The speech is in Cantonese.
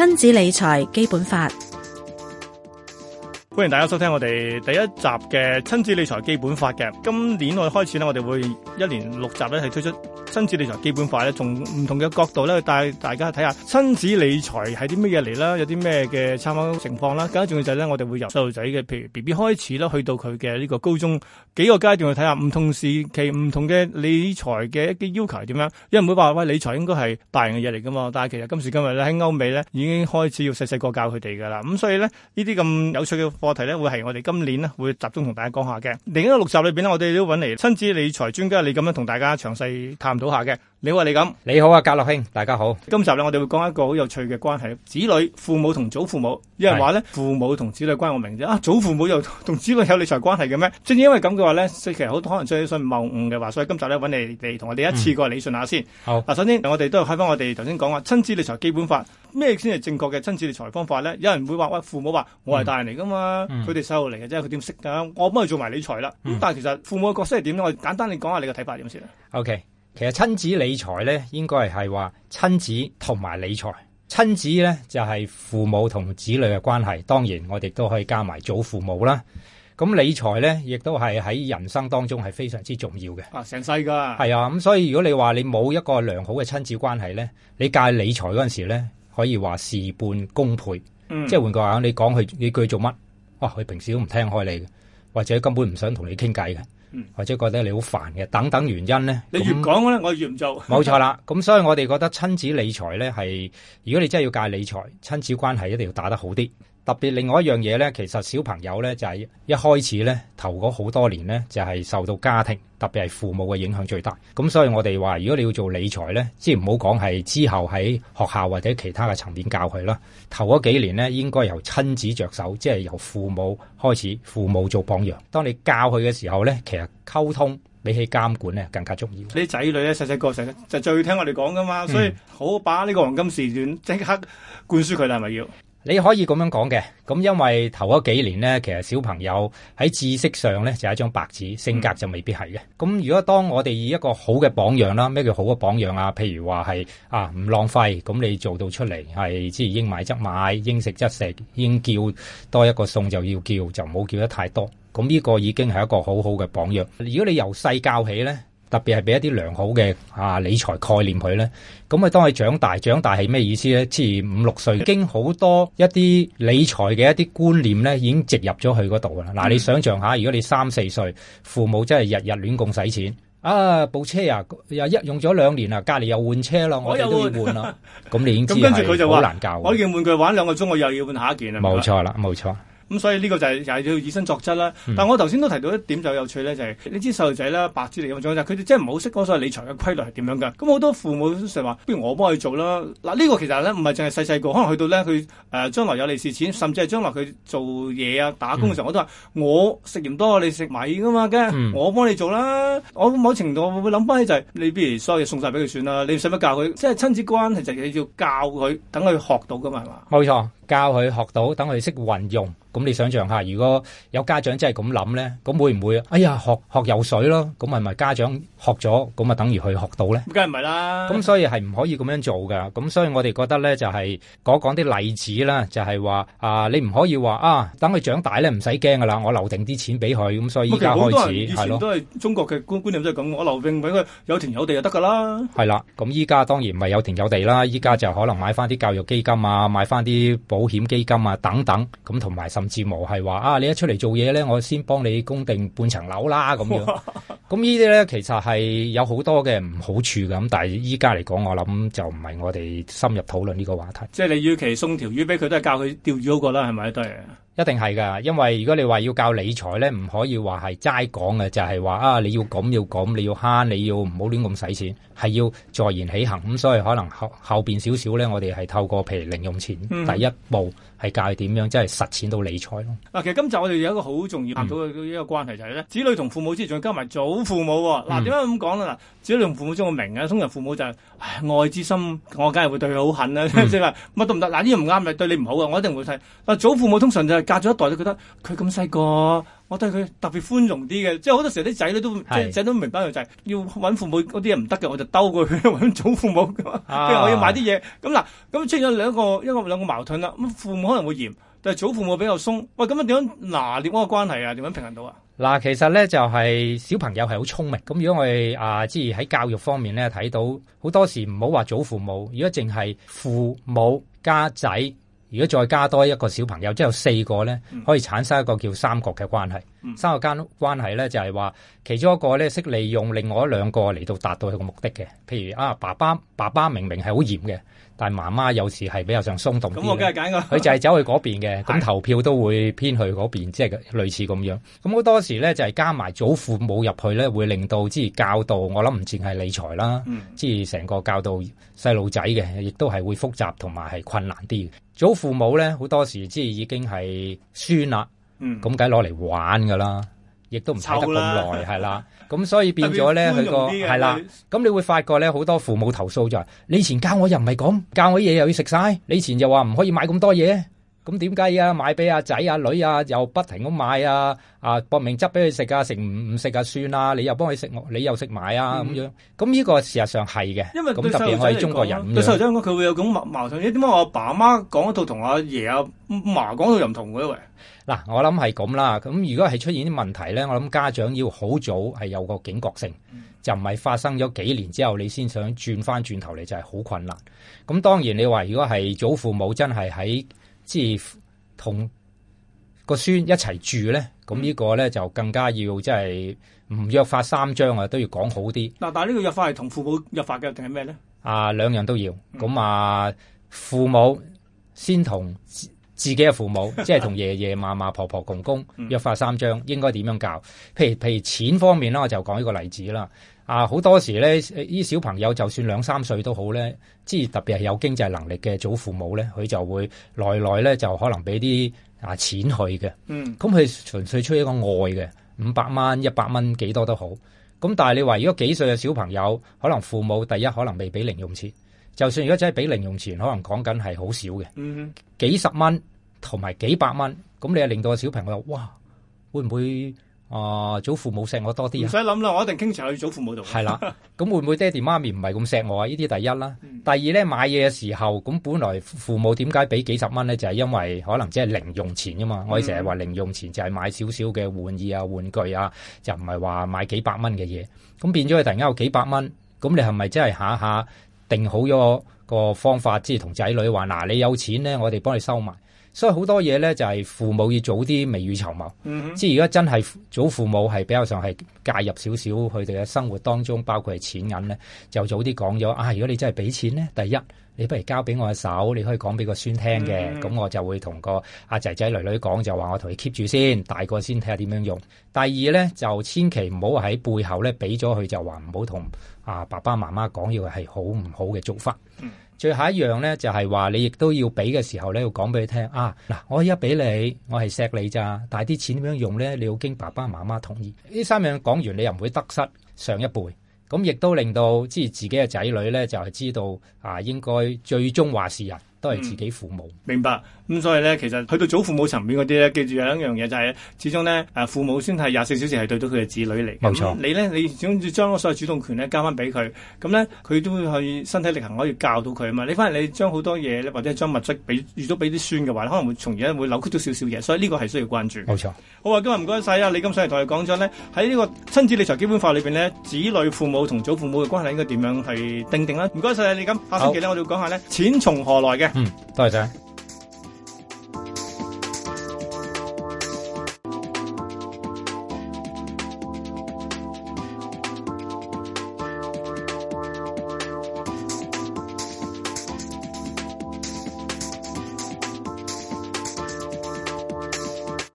《親子理財基本法》歡迎大家收聽我哋第一集嘅親子理財基本法嘅。今年我哋開始咧，我哋會一年六集咧，係推出親子理財基本法咧，從唔同嘅角度咧，去帶大家睇下親子理財係啲乜嘢嚟啦，有啲咩嘅參考情況啦。更加重要就係咧，我哋會由細路仔嘅，譬如 BB 開始啦，去到佢嘅呢個高中幾個階段去睇下唔同時期唔同嘅理財嘅一啲要求係點樣。因為唔會話喂，理財應該係大人嘅嘢嚟噶嘛，但係其實今時今日咧喺歐美咧已經開始要細細個教佢哋噶啦。咁所以咧呢啲咁有趣嘅個課題咧會係我哋今年咧會集中同大家講下嘅，另一個六集裏邊咧，我哋都揾嚟親子理財專家，你咁樣同大家詳細探討下嘅。你話你咁，你好啊，家樂兄，大家好。今集咧，我哋會講一個好有趣嘅關係，子女、父母同祖父母。有人話咧，是父母同子女關係我明啫，啊，祖父母又同子女有理財關係嘅咩？正正因為咁嘅話咧，所以其實好可能最信謬誤嘅話，所以今集咧揾你嚟同我哋一次過理順下先。嗯、好，嗱，首先我哋都要睇翻我哋頭先講話親子理財基本法，咩先係正確嘅親子理財方法咧？有人會話喂，父母話我係大人嚟噶嘛，佢哋細路嚟嘅啫，佢點識啊？我幫佢做埋理財啦。嗯、但係其實父母嘅角色係點咧？我簡單你講下你嘅睇法點先 OK。其實親子理財咧，應該係係話親子同埋理財。親子咧就係父母同子女嘅關係，當然我哋都可以加埋祖父母啦。咁理財咧，亦都係喺人生當中係非常之重要嘅。啊，成世㗎係啊，咁所以如果你話你冇一個良好嘅親子關係咧，你教理財嗰陣時咧，可以話事半功倍。嗯、即係換句話，你講佢，你句做乜？哇、啊，佢平時都唔聽開你嘅。或者根本唔想同你傾偈嘅，或者覺得你好煩嘅，等等原因咧，你越講咧，樣我越唔做。冇錯啦，咁所以我哋覺得親子理財咧係，如果你真係要教理財，親子關係一定要打得好啲。特別另外一樣嘢咧，其實小朋友咧就係一開始咧，頭嗰好多年咧就係受到家庭，特別係父母嘅影響最大。咁所以我哋話，如果你要做理財咧，即唔好講係之後喺學校或者其他嘅層面教佢啦。頭嗰幾年咧，應該由親子着手，即係由父母開始，父母做榜樣。當你教佢嘅時候咧，其實溝通比起監管咧更加重要。啲仔女咧，細細個成日就最聽我哋講噶嘛，所以好好把呢個黃金時段即刻灌輸佢啦，係咪要？你可以咁樣講嘅，咁因為頭嗰幾年呢，其實小朋友喺知識上呢，就係一張白紙，性格就未必係嘅。咁如果當我哋以一個好嘅榜樣啦，咩叫好嘅榜樣啊？譬如話係啊唔浪費，咁你做到出嚟，係即係應買則買，應食則食，應叫多一個餸，就要叫，就唔好叫得太多。咁呢個已經係一個好好嘅榜樣。如果你由細教起呢。特別係俾一啲良好嘅啊理財概念佢咧，咁啊當佢長大長大係咩意思咧？即係五六歲已經好多一啲理財嘅一啲觀念咧，已經植入咗佢嗰度啦。嗱、嗯，你想像下，如果你三四歲，父母真係日日亂共使錢，啊部車啊又一用咗兩年啦，隔離又換車咯，我又換，我都要換咯，咁 你已經知佢就好難教。我已經換佢玩兩個鐘，我又要換下一件啊！冇錯啦，冇錯。咁、嗯、所以呢個就係就係要以身作則啦。但我頭先都提到一點就有趣咧，就係、是、你知細路仔啦、白紙嚟嘅，但係佢哋真係唔好識所謂理財嘅規律係點樣㗎。咁、嗯、好、嗯、多父母成日話：不如我幫佢做啦。嗱、啊、呢、呢個其實咧唔係淨係細細個，可能去到咧佢、呃、將來有利是錢，甚至係將來佢做嘢啊、打工嘅時候，我都話：我食鹽多過你食米㗎嘛，梗係我幫你做啦。我某程度我會諗翻起就係、是、你，不如所有嘢送晒俾佢算啦。你要使乜教佢？即係親子關係，就係你要教佢，等佢學到㗎嘛，係嘛？冇錯。教佢學到，等佢哋識運用。咁你想象下，如果有家長真係咁諗咧，咁會唔會？哎呀，學學游水咯。咁係咪家長學咗，咁啊等於佢學到咧？梗係唔係啦？咁所以係唔可以咁樣做噶。咁所以我哋覺得咧，就係講講啲例子啦，就係話啊，你唔可以話啊，等佢長大咧唔使驚噶啦，我留定啲錢俾佢。咁所以依家開始係咯。以前都係中國嘅觀觀念都係咁，我留定俾佢有田有地就得噶啦。係啦，咁依家當然唔係有田有地啦。依家就可能買翻啲教育基金啊，買翻啲保險基金啊等等，咁同埋甚至無係話啊，你一出嚟做嘢咧，我先幫你供定半層樓啦咁樣，咁哇 呢啲咧其實係有好多嘅唔好處嘅，咁但係依家嚟講，我諗就唔係我哋深入討論呢個話題。即係你與其送條魚俾佢，都係教佢釣魚嗰個啦，係咪都係？一定係噶，因為如果你話要教理財咧，唔可以話係齋講嘅，就係話啊你要咁要咁，你要慳，你要唔好亂咁使錢，係要坐言起行，咁所以可能後後邊少少咧，我哋係透過譬如零用錢第一步。嗯係教佢點樣，即係實踐到理財咯。嗱，其實今集我哋有一個好重要到嘅一個關係就係咧，嗯、子女同父母之間仲要加埋祖父母。嗱、啊，點解咁講咧？嗱，子女同父母之間我明嘅，通常父母就係愛之心，我梗係會對佢好狠啦。即係話乜都唔得。嗱、啊，呢樣唔啱，咪對你唔好嘅，我一定會睇。但、啊、祖父母通常就係隔咗一代，都覺得佢咁細個。我對佢特別寬容啲嘅，即係好多時啲仔咧都即仔都唔明白佢就係、是、要揾父母嗰啲嘢唔得嘅，我就兜過去揾祖父母。佢話、啊、我要買啲嘢，咁嗱咁出現咗兩個一個兩個矛盾啦。咁父母可能會嚴，但係祖父母比較鬆。喂，咁樣點樣拿捏嗰個關係啊？點樣平衡到啊？嗱，其實咧就係小朋友係好聰明。咁如果我哋啊，即係喺教育方面咧睇到好多時唔好話祖父母，如果淨係父母家仔。如果再加多一個小朋友，即係有四個咧，可以產生一個叫三角嘅關係。三代間關係咧，就係、是、話其中一個咧識利用另外兩個嚟到達到佢個目的嘅。譬如啊，爸爸爸爸明明係好嚴嘅，但係媽媽有時係比較上鬆動啲。咁我梗係揀個佢就係走去嗰邊嘅，咁、嗯、投票都會偏去嗰邊，嗯、即係類似咁樣。咁好多時咧就係、是、加埋祖父母入去咧，會令到即係教導我諗唔止係理財啦，嗯、即係成個教導細路仔嘅，亦都係會複雜同埋係困難啲。祖父母咧好多時即係已經係酸啦。咁梗攞嚟玩噶啦，亦都唔使得咁耐，係臭啦。咁 所以變咗咧，佢個係啦。咁的你會發覺咧，好多父母投訴就係：你以前教我又唔係咁，教我啲嘢又要食晒。你以前又話唔可以買咁多嘢。咁點解啊？買俾阿仔阿女啊，又不停咁買啊！啊，搏命執俾佢食啊，食唔食啊算啦！你又幫佢食，你又食埋啊！咁、嗯、樣，咁呢個事實上係嘅。因為特別係中國人，對家長講佢會有咁矛矛盾。點解我阿爸阿媽講一套，同阿爺阿嫲講到又唔同嘅喂？嗱，我諗係咁啦。咁如果係出現啲問題咧，我諗家長要好早係有個警覺性，嗯、就唔係發生咗幾年之後，你先想轉翻轉頭嚟就係好困難。咁當然你話如果係祖父母真係喺。即係同個孫一齊住咧，咁呢個咧就更加要即係唔，約法三章啊，都要講好啲。嗱，但係呢個約法係同父母約法嘅，定係咩咧？呢啊，兩樣都要，咁、嗯、啊，父母先同自己嘅父母， 即係同爺爺、嫲嫲、婆婆、公公約法三章，應該點樣教？譬如，譬如錢方面啦，我就講呢個例子啦。啊，好多時咧，啲小朋友就算兩三歲都好咧，即係特別係有經濟能力嘅祖父母咧，佢就會來來咧就可能俾啲啊錢佢嘅。嗯，咁佢純粹出一個愛嘅，五百蚊、一百蚊幾多都好。咁但係你話如果幾歲嘅小朋友，可能父母第一可能未俾零用錢，就算如果真係俾零用錢，可能講緊係好少嘅，嗯哼幾十蚊同埋幾百蚊，咁你係令到個小朋友哇，會唔會？啊、哦！祖父母錫我多啲啊！唔使諗啦，我一定傾斜去祖父母度。係 啦，咁會唔會爹哋媽咪唔係咁錫我啊？呢啲第一啦，第二咧買嘢嘅時候，咁本來父母點解俾幾十蚊咧？就係、是、因為可能即係零用錢啊嘛！嗯、我哋成日話零用錢就係買少少嘅玩意啊、玩具啊，就唔係話買幾百蚊嘅嘢。咁變咗佢突然間有幾百蚊，咁你係咪真係下下定好咗個方法，即係同仔女話嗱，你有錢咧，我哋幫你收埋。所以好多嘢咧，就係、是、父母要早啲未雨綢繆。Mm hmm. 即係如果真係祖父母係比較上係介入少少佢哋嘅生活當中，包括係錢銀咧，就早啲講咗啊！如果你真係俾錢咧，第一。你不如交俾我手，你可以講俾個孫聽嘅，咁、嗯嗯、我就會同個阿仔仔、女女講，就話我同佢 keep 住先，大個先睇下點樣用。第二咧就千祈唔好喺背後咧俾咗佢，就話唔好同啊爸爸媽媽講，要係好唔好嘅做法。嗯、最後一樣咧就係、是、話你亦都要俾嘅時候咧要講俾佢聽啊，嗱，我而家俾你，我係錫你咋，但係啲錢點樣用咧，你要經爸爸媽媽同意。呢三樣講完，你又唔會得失上一輩。咁亦都令到即係自己嘅仔女咧，就係知道啊，應該最終話事人都係自己父母。嗯，明白。咁所以咧，其實去到祖父母層面嗰啲咧，記住有一樣嘢就係、是，始終咧誒父母先係廿四小時係對到佢嘅子女嚟，冇錯，嗯、你咧你始終將所有主動權咧交翻俾佢，咁咧佢都會去身體力行可以教到佢啊嘛。你反而你將好多嘢或者將物質俾預咗俾啲孫嘅話，可能會從而咧會扭曲到少少嘢，所以呢個係需要關注。冇錯，好啊，今日唔該晒啊！李錦上嚟同佢講咗咧，喺呢、這個親子理財基本法裏邊咧，子女、父母同祖父母嘅關係應該點樣去定定啊？唔該曬你，咁下星期咧，好我哋講下咧錢從何來嘅。嗯，多謝晒。